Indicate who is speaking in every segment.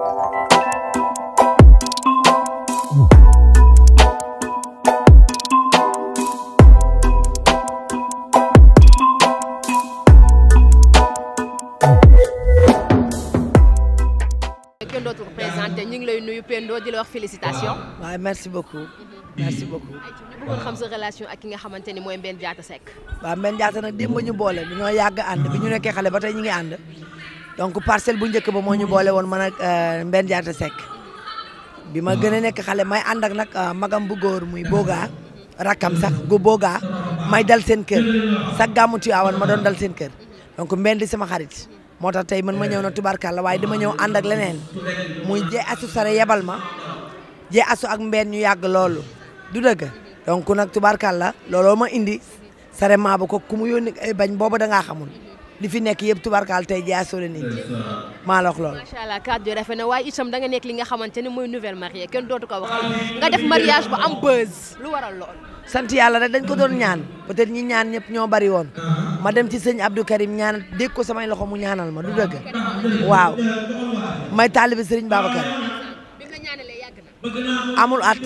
Speaker 1: ñu ngi lay nuyu Pendo di la wax félicitation.
Speaker 2: waaw merci beaucoup. merci beaucoup. ñu bëggoon xam sa
Speaker 1: relation ak ki nga xamante ni mooy Mbène Diatta Seck.
Speaker 2: waaw Mbène Diatta nag démb ñu boole dañoo yàgg ànd bi ñu nekkee xale ba tey ñu ngi ànd donc parcelle bu njëkk ba moo ñu boole woon man ak euh, Mbène Diatta Seck bi ma gën a nekk xale may ànd ak nag euh, magam bu góor muy boogaa rakkam sax gu boogaa may dal seen kër sax gàmmu Tiwaawan ma doon dal seen kër donc Mbène di sama xarit moo tax tey man ma ñëw na tubarkalla waaye dama ñëw ànd ak leneen muy jee asu sare yebal ma jee asu ak Mbène ñu yàgg loolu du dëgg donc nag tubarkalla looloo ma indi sare maa ba ko ku mu yónni ay eh, bañ booba dangaa xamul li fi nekk yëpp tubarkaal tey jaasoo la nit ñi maa la wax loolu.
Speaker 1: macha allah kàddu yi na waaye itam da nga nekk li nga xamante ne mooy nouvelle mariée kenn dootu ko wax nga def mariage bu am
Speaker 2: buzz lu waral lool. sant yàlla rek dañ ko doon ñaan peut-être ñi ñaan ñëpp ñoo bari woon uh-huh. ma dem ci sëñ Abdou Karim ñaan dégg ko samay loxo mu ñaanal ma du dëgg waaw may taalibe sëriñ Babacar amul at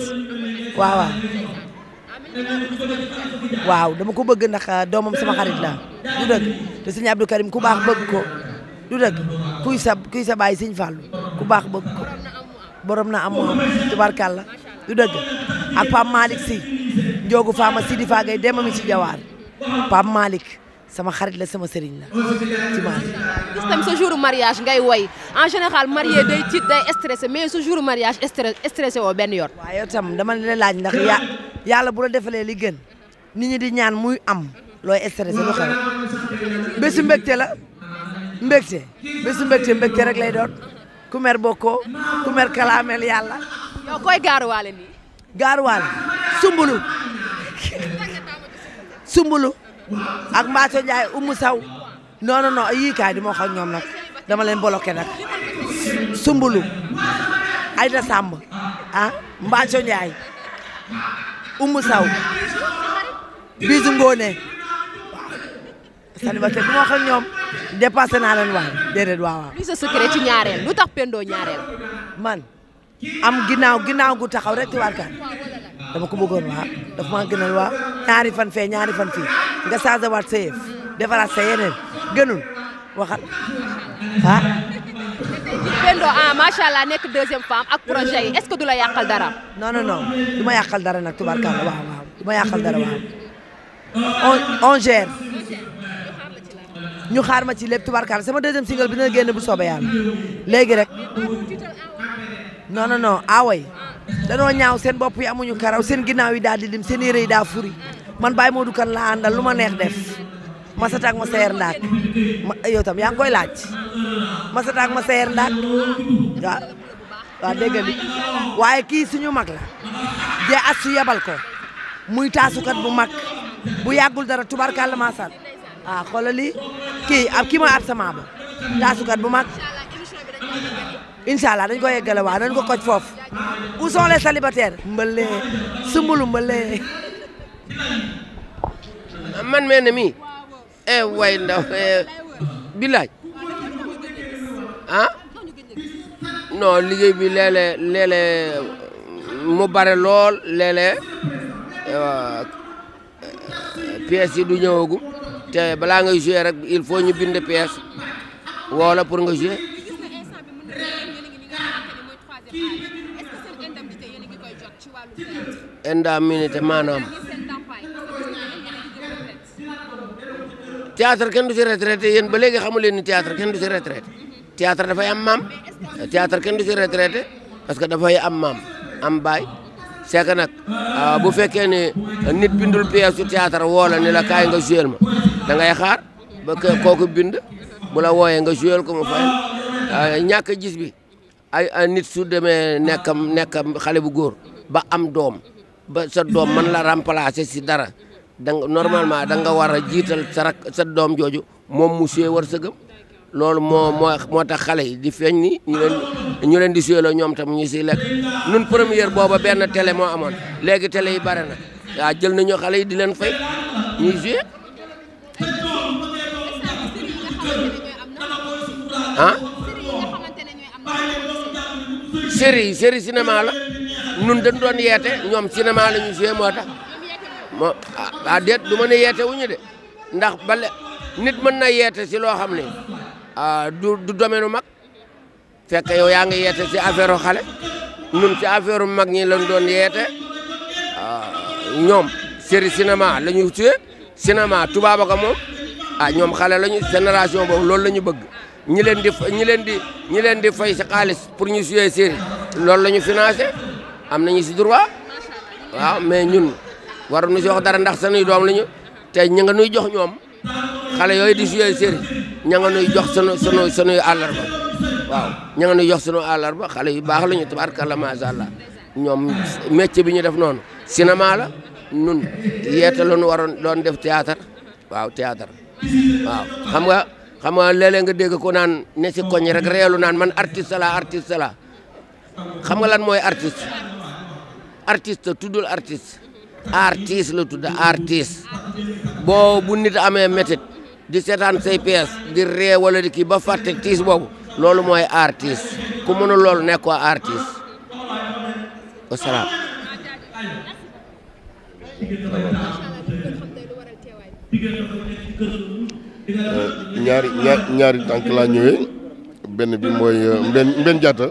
Speaker 2: waaw waaw dama ko bëgg ndax euh, doomam sama xarit la du dëgg te sëñ Abdou Karim ku baax bëgg ko du dëgg kuy sa kuy sa baay sëñ Fallou ku baax bëgg ko borom na am moom tubarkàlla du dëgg ak Pape Malick si njoogu faama si di faagay demami si jawaar Pape Malick sama xarit la sama sëriñ la ci Malick
Speaker 1: gis tam sa jour mariage ngay woy en général marié day
Speaker 2: tiit day stressé mais sa jour mariage stressé woo benn yoon waaw yow tam dama la laaj ndax yaa yàlla bu la defalee li gën nit di ñaan muy am looy stressé lu xew bésu mbégte la mbégte bésu mbégte mbégte rek lay doon ku mer bokkoo ku mer kalaameel yàlla. yow koy gaaruwaale nii. gaaruwaale sumbulu sumbulu ak Mbaaco Ndiaye Oumou Sow non non kaay di ma wax ak ñoom nag dama leen bloqué nag sumbulu Aïda Samb ah Mbaaco Ndiaye. Oumou Sow bisu ngoone waaw célibataire bi ma wax ak ñoom dépassé naa leen wax déedéet waaw waaw. luy sa secret ci ñaareel lu
Speaker 1: tax Pendo ñaareel.
Speaker 2: man am ginnaaw ginnaaw gu taxaw rek ci wàllukaan dama ko bëggoon waaw dafa maa gënal waaw ñaari fan fee ñaari fan fii nga changé waat sa yëf defaraat sa yeneen gënul waxal ah.
Speaker 1: Pendo ah macha allah nekk deuxième femme ak projet yi du la yàqal dara.
Speaker 2: non non non ma yàqal dara nag tubaarkàlla waaw ma yàqal dara waaw. on on ñu xaar ma ci lépp tubaarkàlla sama deuxième single bi dina génn bu soobee yàlla léegi rek. non non non aaway ah, danoo ñaaw seen bopp yi amuñu karaw seen ginnaaw yi daal di lim seen yére yi daa furi man Baye Modou Kane laa àndal lu ma neex def ma sataak ma seer ndaak ma yow tam yaa ngi koy laaj. ma sataak ma seer ndaat waaw waaw dégg waaye kii suñu mag la jee asu yebal ko muy taasukat bu mag bu yàggul dara tubarkàlla maasal ah xoolal lii kii ab kii mooy ab sama ba taasukat bu mag incha allah dañ ko yeggale waaw dañ ko koj foofu où sont les célibataires mbële sumbulu mbële
Speaker 3: man mel ne mii eh, way ndaw eh, bilaaj ah non liggéey bi léeg-léeg mu bare lool léeg-léeg eh, pièces yi du ñëwagum te balaa ngay jouer rek il faut ñu bind pièce woola pour nga jouer indemnité maanaam théâtre kenn du ci retraité yéen ba léegi xamu leen ni kenn du ci retraité théâtre dafay am maam théâtre kenn du ci retraité parce que dafay am maam am baay c'est nag ah, bu fekkee ne nit bindul pièce su théâtre woo ni la kaay nga joué ma da ngay xaar ba kooku bind bu la wooyee nga joué ko mu fayal ah, ñàkk gis bi ay nit su demee nekka nekk xale bu góor ba am doom ba sa doom mën la remplacer si dara da nga normalement da nga war a jiital sa doom jooju moom mu joué war sëgam loolu moo moo moo tax xale yi di feeñ ni ñu leen di suyeloo ñoom tam ñu siy lekk nun première booba benn télé moo amoon léegi télé yi bare na waaw jël nañu xale yi di leen fay ñuy suyee ah série yi série cinéma la nun dañ doon yeete ñoom cinéma la ñu suyee moo tax moo ah, ah déet du ma yeete wuñu de ndax bale nit mën na yeete si loo xam ne Ah, du du domaine mag fekk yow yaa ngi yeete ci affaire xale nun ci affaire mag ñi lañ doon yeete ah, ñoom série cinéma la ñu tuye cinéma tubaab moom ah ñoom xale lañu génération boobu loolu la ñu bëgg ñi leen di ñi leen di ñi leen di fay si xaalis pour ñu suyee série loolu la ñu financé am nañu si droit waaw mais ñun waruñu si wax dara ndax sanuy doom la ñu te ñi nga nuy jox ñoom xale yooyu di suyee série ña nga nuy jox sunu sunu sunuy àllarba waaw ña nga nuy jox sunu àllarba xale yu baax la ñu tabaarkalla macha allah ñoom métier bi ñu def noonu cinéma la nun yeeta la ñu waroon doon def théâtre waaw théâtre waaw xam nga xam nga léeg-léeg dégg ko naan ne si koñ rek reelu naan man artiste la artiste la xam nga lan mooy artiste artiste tuddul artiste artiste la tudd artiste boo bu nit amee métit di seetaan say pièces di ree wala di kii ba fàtte tiis boobu loolu mooy artiste ku mënul loolu nekkoo artiste wasalaam.
Speaker 1: Euh, ñaari ñaari tànk laa
Speaker 4: benn bi mooy euh, mbenn jaata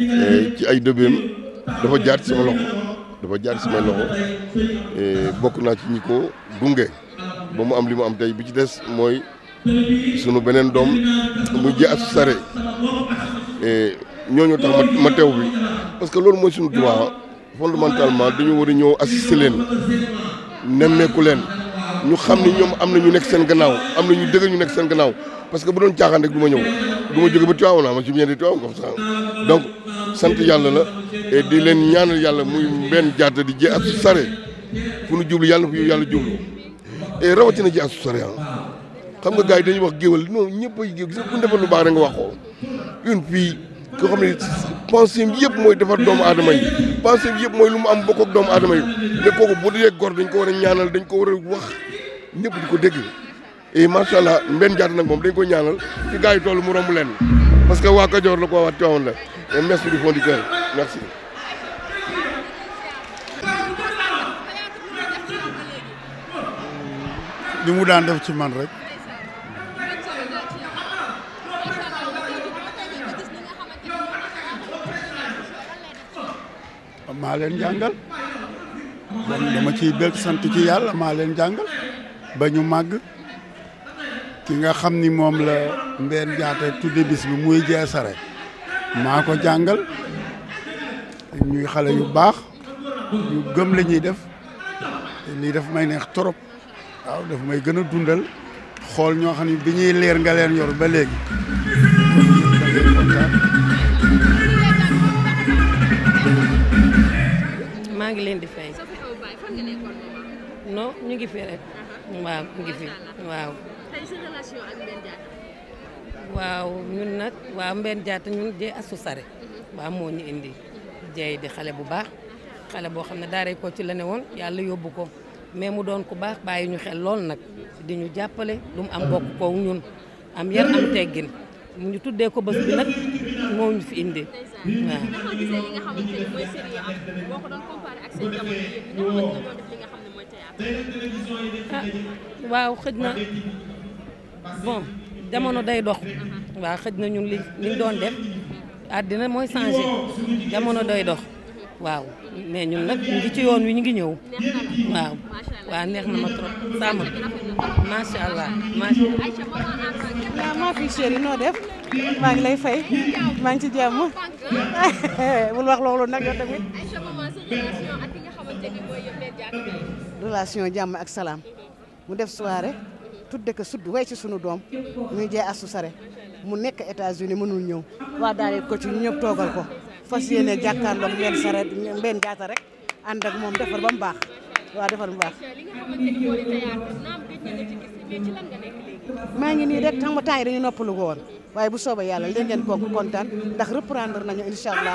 Speaker 4: euh, ci ay dëbbeem dafa jaar ci sama loxo dafa jaar ci sama loxo bokk naa ci ñi ko gunge. ba mu am li mu am tey bi ci des mooy sunu beneen doom mu ji as sare eh, ñooñu tax ma teew bi parce que loolu mooy sunu droit fondamentalement dañu war a ñëw assister leen nemmeeku leen ñu xam ni ñoom am na ñu nekk seen gannaaw am na ñu dëgg ñu nekk seen gannaaw parce que bu doon caaxaan du ma ñëw du ma jóge ba Tivaouane naa ma ci bien di Tivaouane comme ça donc sant yàlla la et di leen ñaanal yàlla muy benn jaata di jé ak sare fu nu jublu yàlla fu yàlla jublu et eh, rawatina ji assurance xam nga gars yi dañuy wax géwal noonu ñëpp ay géw gis nga lu baax rek nga wax ko une fille koo xam yëpp mooy defar doomu aadama yi pensée bi yëpp mooy lu mu am bokk ak doomu aadama yi ne kooku bu dee gor dañ ko war ñaanal dañ ko war a wax ñëpp di ko dégg et eh, macha allah mbenn jaata nag moom dañ ko ñaanal ci gars yi toll mu romb leen parce que waa Kajoor la ko waa Tivaouane la eh, merci du li mu daan def ci man rek. maa leen jàngal dama ciy bëgg sant ci yàlla maa leen jàngal ba ñu màgg ki nga xam ni moom la Mbeen Jaata tudde bis bi muy jeesare maa ko jàngal ñuy xale yu baax ñu gëm la ñuy def lii daf may neex trop waaw daf may gën a dundal xool ñoo xam ne bi ñuy leer nga leen yor ba léegi
Speaker 3: maa ngi leen di fay
Speaker 1: non ñu ngi fi rek uh-huh. waaw ngi fi waaw ñun nag waaw Mbène Diatta ñun jey asu sare waaw moo ñu indi jey di xale bu baax uh-huh. xale boo xam ne daaray ko ci la ne woon yàlla yóbbu ko mais mu doon ku baax bàyyi ñu xel lool nag di ñu jàppale lu mu am bokk koo ñun am yar am teggin mu ñu tuddee ko bés nag moo ñu fi indi waaw. ah waaw na bon jamono day dox waaw xëj na ñun li liñ doon def àddina mooy changé jamono day dox. waaw mais ñun nag ñu ngi ci yoon wi ñu ngi ñëw waaw waaw neex na ma trop sama macha allah macha allah maa noo def maa ngi lay fay maa ngi ci bul wax loolu nag yow tamit relation jàmm ak salaam mu def soirée de ko sudd way ci sunu doom muy jee asu sare mu nekk États-Unis mënul ñëw waa daal ko ci ñëpp toogal ko fas yéene jàkkaarloog Mbène Saret Mbène Diatta rek ànd ak moom defar ba mu baax waaw defar bu baax. maa ngi nii rek xam nga temps yi dañu noppalu ko waaye bu soobee yàlla leen léegi ngeen bokk kontaan ndax reprendre nañu incha allah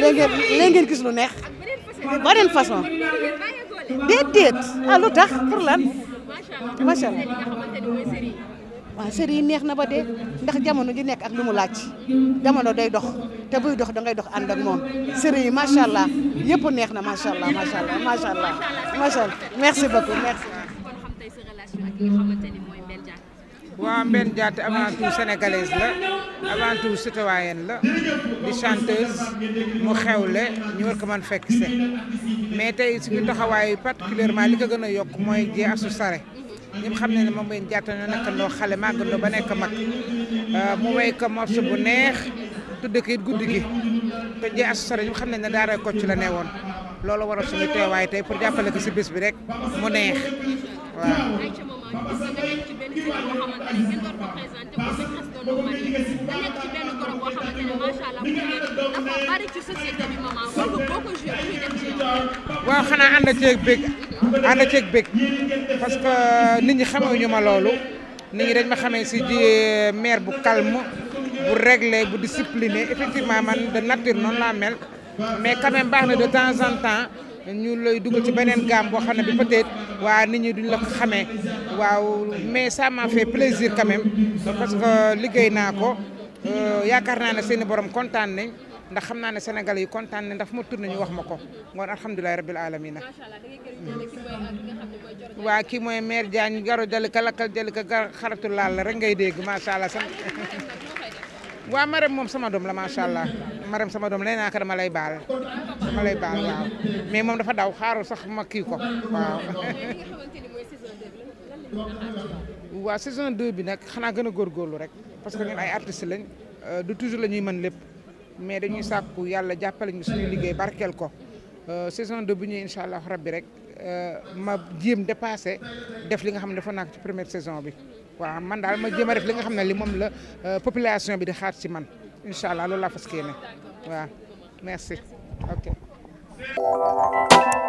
Speaker 1: léegi ngeen léegi ngeen gis lu neex beneen façon déet déet ah lu tax pour lan macha allah. waaw série yi neex na ba de ndax jamono ji nekk ak lu mu laaj jamono day dox te buy dox da ngay dox ànd ak moom série yi macha allah yëpp neex na macha allah macha allah macha allah macha allah merci beaucoup merci. waaw Mbène Diatta
Speaker 5: avant tout sénégalaise la avant tout citoyenne la di chanteuse mu xewle ñu war ko mën fekk se mais tey suñu taxawaay particulièrement li ko gën a yokk mooy Dieng Assou Sare ñëpp xam ne ne moom mooy jaata ñu nekkandoo xale màggandoo ba nekk mag euh, mu way ko morceau bu neex tudd ko guddi gi te jee as sore ñëpp xam ne na daara Kocc la ne woon loolu waral suñu teewaay tey pour jàppale ko si bés bi rek mu neex
Speaker 1: waaw. waaw xanaa
Speaker 5: ànd ceeg bëgg ànd ceeg bëgg parce que euh, nit ñi xamewuñu ma loolu nit ñi dañ ma xamee si di euh, maire bu calme bu réglé bu discipliné effectivement man de nature noonu laa mel mais quand même baax na de temps en temps ñu lay dugal ci beneen gaam boo xam ne bi peut-être waa ni ñi duñ la ko xamee waaw mais ça m'a fait plaisir parce que liggéey naa ko euh, yaakaar naa ne seeni borom kontaan nañ ndax xam naa ne sénégalais yi kontaan ne ndax fu ma tourné ñu wax ma ko ngoon alhamdulilahi rabbil alamina waa kii mooy maire Diagne garo jalika lakkal jalika gar xaratu laal rek ngay dégg macha allah san waa Marème moom sama doom la macha allah Marème sama doom lay naa ko dama lay baal dama lay mais moom dafa daw xaaru sax ma kii ko waaw waaw saison 2 bi nag xanaa gën a góorgóorlu rek parce que ñun ay artistes lañ euh, du toujours la ñuy mën lépp mais dañuy sàkku yàlla jàppale ñu suñu liggéey barkeel ko euh, saison de bu ñëwee incha allah bi rek euh, ma jéem dépassé def li nga xam ne dafa naak ci première saison bi waaw man daal ma jéem a def li nga xam ne li moom la euh, population bi di xaar ci man incha allah loolu laa fas yéene waaw merci ok